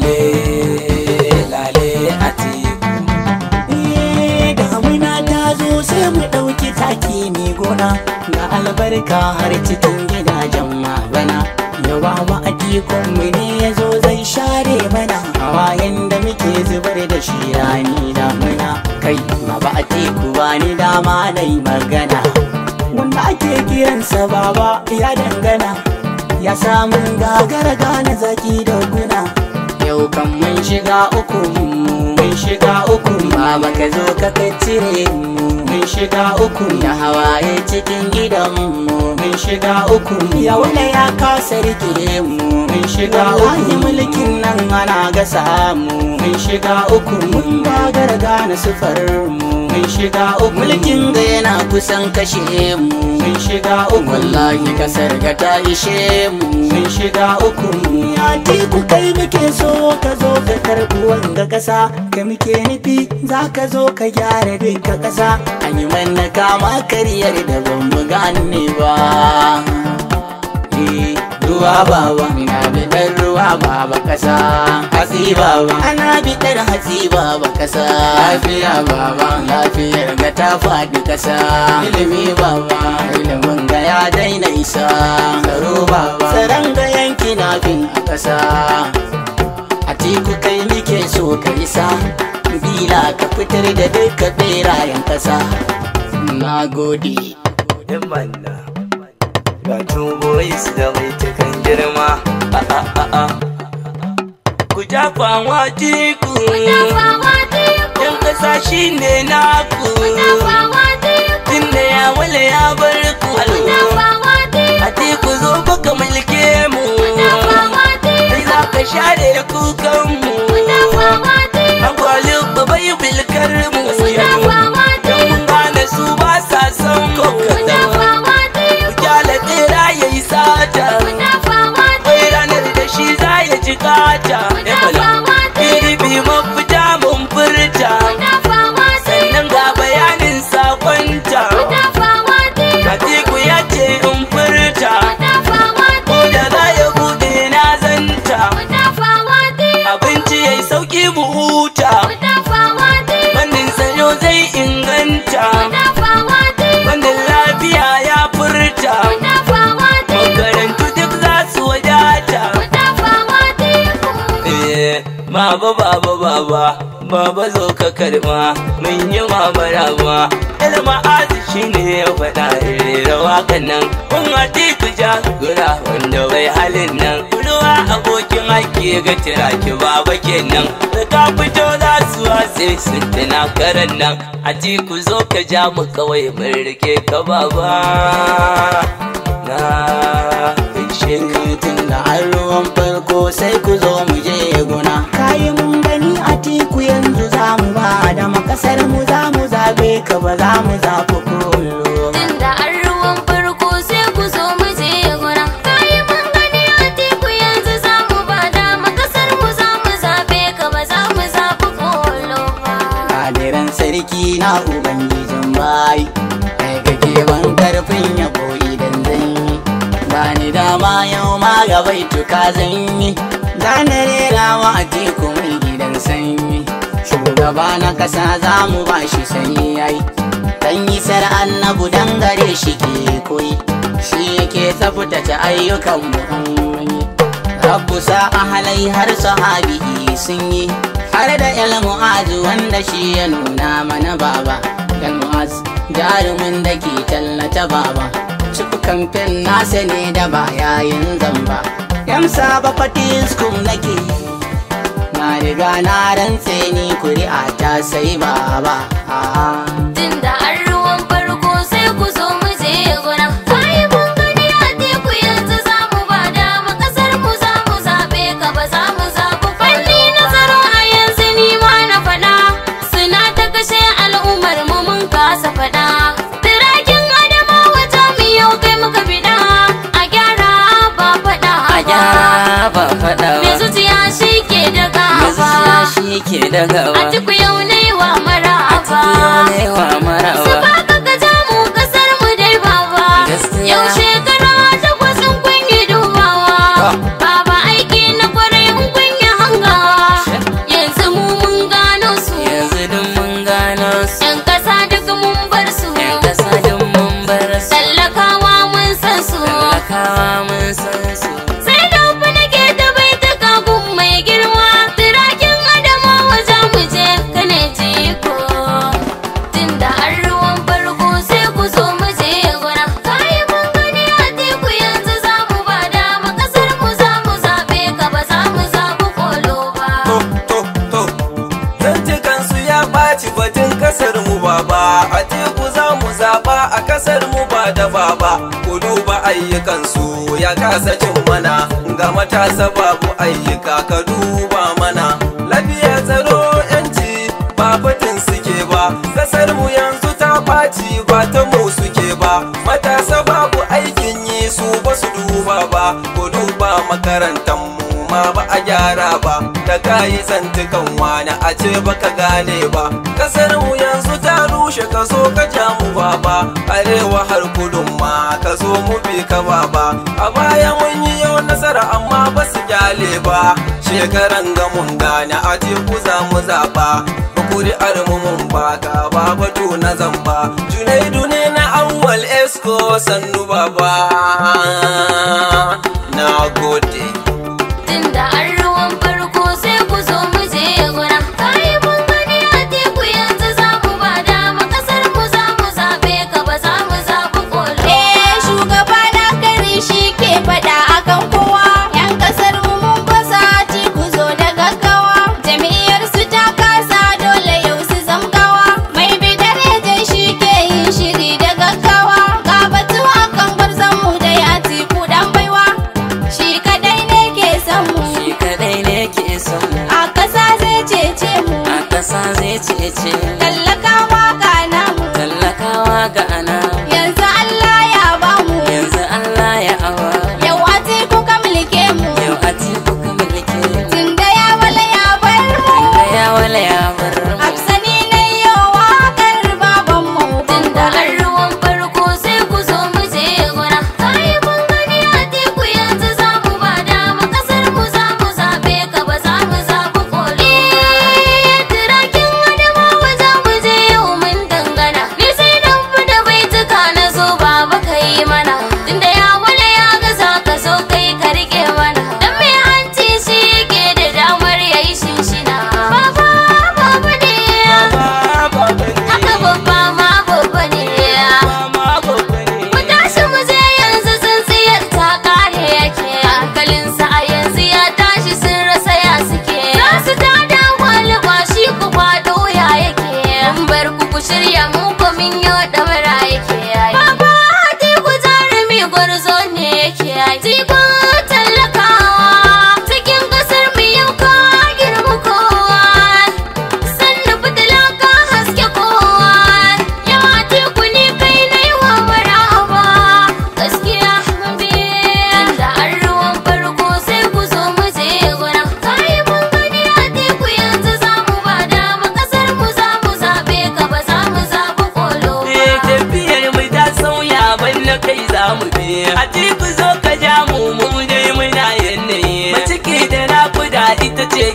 lale lale a teku eh, da amina ta zo sai mu ɗauki taki mai gona na albarka har cikin gidajen magana yawa wa mu ne ya zo zai share mana hawayen da muke zubar da shi rani damina, kai ma ba a teku ba ni dama na magana wanda ake kiransa baba ya dangana ya samun gagara gane zaki da guna yau kan mun shiga uku mun shiga uku baba ka zo ka kaccire mu mun shiga uku da hawaye cikin gidan mu mun shiga uku ya ya kasa sarki. mu mun shiga uku mulkin nan ana gasa mu mun shiga uku mun gagara gane sufar mu mun shiga uku mulkin ga yana kusan kashe mu Sun shiga uku wallahi kasar ga ta ishe mu Sun shiga uku ya teku kai muke so ka zo ka karbi wanga kasa ka muke nufi za ka zo ka gyara duka ƙasa. an yi manna kama karyar da ban mu gane ba Duwa eh, baba, mina da ɗan ruwa baba kasa hatsi baba ana bitar hatsi baba kasa lafiya baba lafiyar ga ta faɗi kasa ilimi baba ilimin ga ya daina isa tsaro baba tsaron ga yanki na bin a kasa a tiku kai muke so ka isa bila ka fitar da duka berayen kasa na gode Yamma na, ga su da mai tukan girma. Ku dafa wa diku. Yan kasa shi ne naku. Tun da ya wale ya bar ku. A ku zo baka mulke mu. Za ka share Baba baba baba baba zo ka karma mun yi ma ma Ilma azi ne ya faɗa rera nan Kun hati tuja gura wanda bai halin nan Ruwa abokin haƙi ga tiraki baba kenan Da ka fito za su watsi sun tuna karan nan A ti ku zo ka ja mu kawai mun rike ka baba Na shekatun da an ruwan farko sai ku zo mu je gona kayi mun gani a tiku yanzu za mu ba da makasar mu za mu zabe ka ba za mu zafi kullu da ruwan farko sai ku zo mu je gona kayi mun gani a yanzu za mu ba mu za mu zabe ka ba za mu sarki na uba ga baitu zanyi za na rera wa a teku mai gidan sanyi shugaba na kasa za mu ba shi sanyi yayi dan yi sar'an na gudan gare shi ke koyi shi yake ta ayyukan mu Rabbu sa ahalai har sahabi sun yi har da el mu'azu wanda shi ya nuna mana baba Yal mu'az jarumin da ke tallata baba cikin kamfen nasa ne da ba yayin zamba yan saba fatin skum nake na riga na rantse ni kuri'a ta sai ba ba baba a teku za mu zaba a kasar mu ba da baba ku duba ayyukansu ya kasa cin mana ga matasa babu ayyuka ka duba mana lafiya tsaro yanci ba batun suke ba kasar mu yanzu ta ɓaci ba ta mu suke ba matasa babu aikin yi su ba su duba ba ku duba makarantar mu ma ba a gyara ba da kayi zantukan wani a ce baka gane ba kasar mu yanzu ta rushe ka so ka ja mu ba arewa har kudun ma ka so mu bi ka ba a baya mun yi yau nasara amma ba su gyale ba shekaran ga mun gane a ce ku za mu zaba kuri'ar mu mun baka baba to na zamba junaidu ne na awwal esko sannu baba na gode ce ce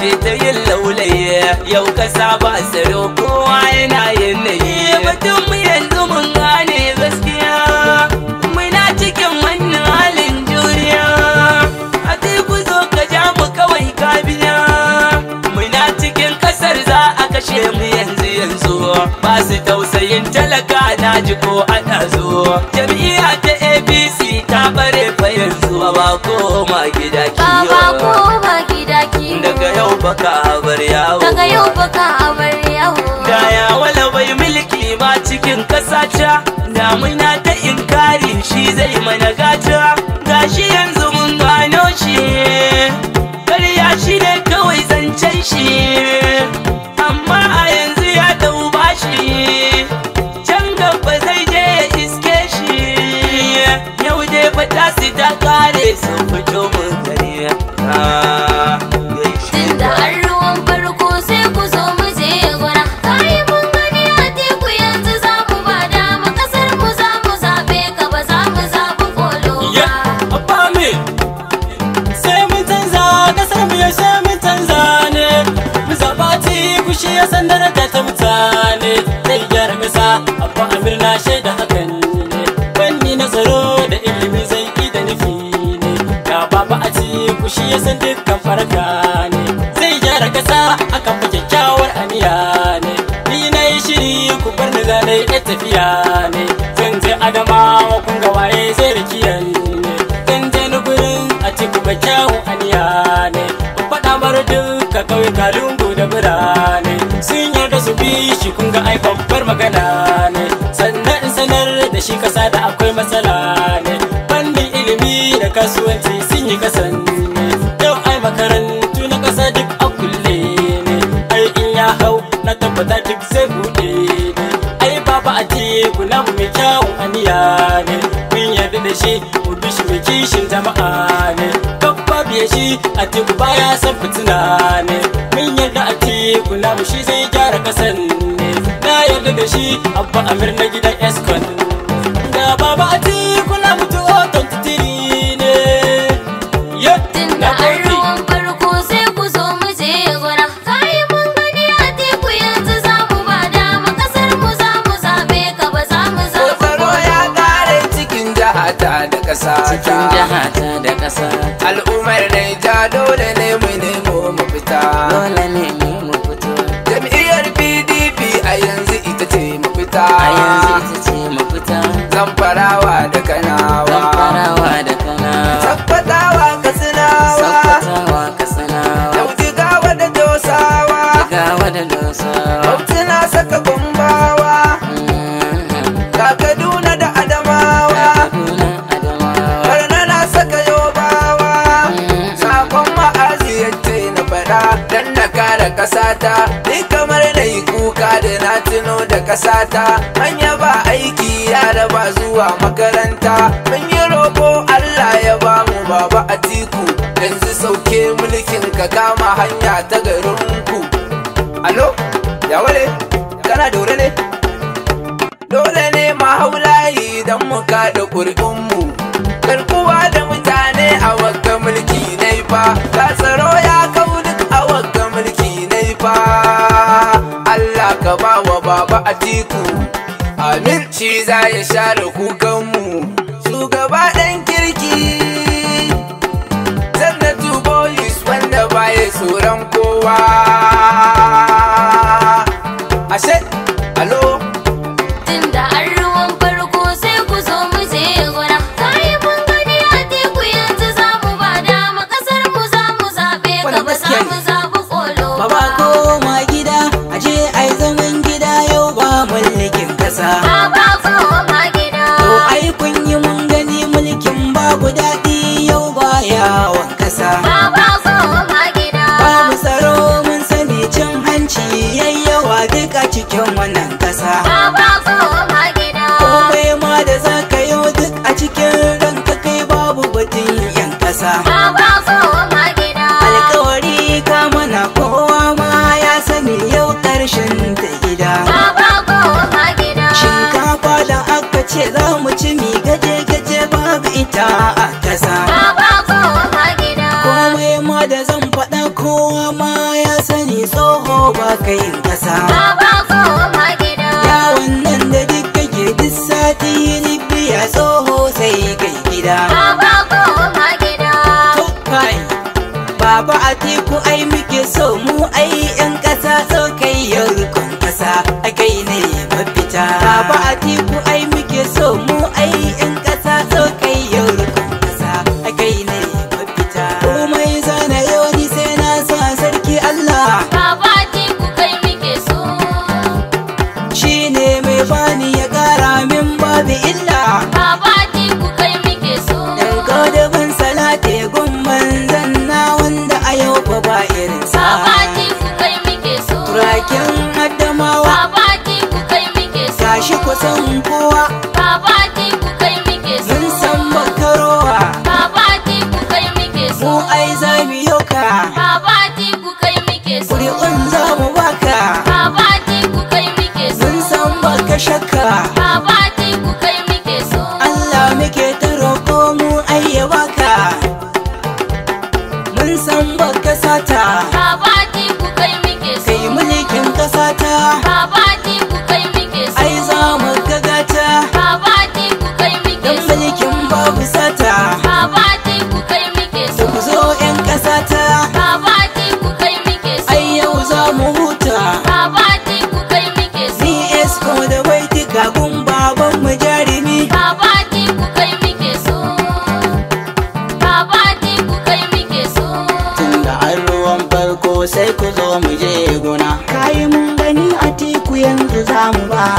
ta yin laulaye yau ka saba tsaro kowa yana yanayi mutum mu yanzu mun gane gaskiya muna cikin wannan halin juriya a kai ku zo ka ja mu kawai ka biya muna cikin kasar za a kashe mu yanzu yanzu ba su tausayin talaka na ji ko ana zo jami'a ta apc ta bare fa yanzu ba koma gida kiyo baka abar yawo daga yau baka abar yawo da ya wala bai mulki ma cikin kasa ta damuna ta inkari shi zai mana gata gashi yanzu ya san daraja ta mutane zai gyara ƙasa abba amir na shaida hakan ne fanni na tsaro da ilimi zai yi da nufi ne ga baba a ku kushi ya san dukkan farka ne zai gyara ƙasa akan fi kyakkyawar aniya ne ni na yi shiri ku bar ni zanai tafiya ne zan je adama shi kun ga ai babbar magana ne sannan in sanar da shi kasa da akwai matsala ne fannin ilimi da kasuwanci sun yi kasan ne yau ai makarantu na kasa duk a kulle ne ai in ya hau na tabbata duk zai buɗe ne ai baba a teku na mu mai kyawun aniya ne mun yarda da shi mu bi shi mai kishin jama'a ne babba biye shi a teku baya san fitina ne mun yarda a teku na mu shi zai gyara kasan da shi abba amir na gidan escort mafita a yanzu ita ce mafita zamfarawa da kanawa zamfarawa da kanawa tabbatawa ka sinawa tabbatawa ka sinawa yau da dosawa jigawa da dosawa mafita saka gumbawa mm-hmm. ga kaduna da adamawa na saka yobawa mm-hmm. sakon ma'aziyar ce na faɗa dan na kara kasata da ƙasata manya ba aiki yara ba zuwa makaranta mun yi roƙo Allah ya ba mu baba atiku yanzu sauke mulkin ka kama hanya ta garinku Allo ya wale kana dore ne dole ne ma haulayi don mu kada ƙuri'unmu karkuwa da mutane a wakka mulki ne ba ba wa baba atiku amin aminci za ya share kukanmu gaba ɗan kirki zannatu boys wanda baya tsoron kowa ita a kasa baba ma gida komai ma da zan faɗa kowa ma ya sani tsoho ba kai kasa baba ma gida Ya wannan da duk kake duk sati libya tsoho sai kai gida baba ko ma gida to kai baba a teku ai muke so mu ai yan kasa so kai yau kun kasa a kai ne mafita baba a teku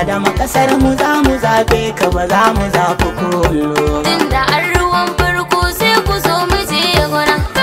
Adama kasar mu za mu zabe ka ba za mu zafi kullum. Tunda an ruwan farko sai ku zo mu je gona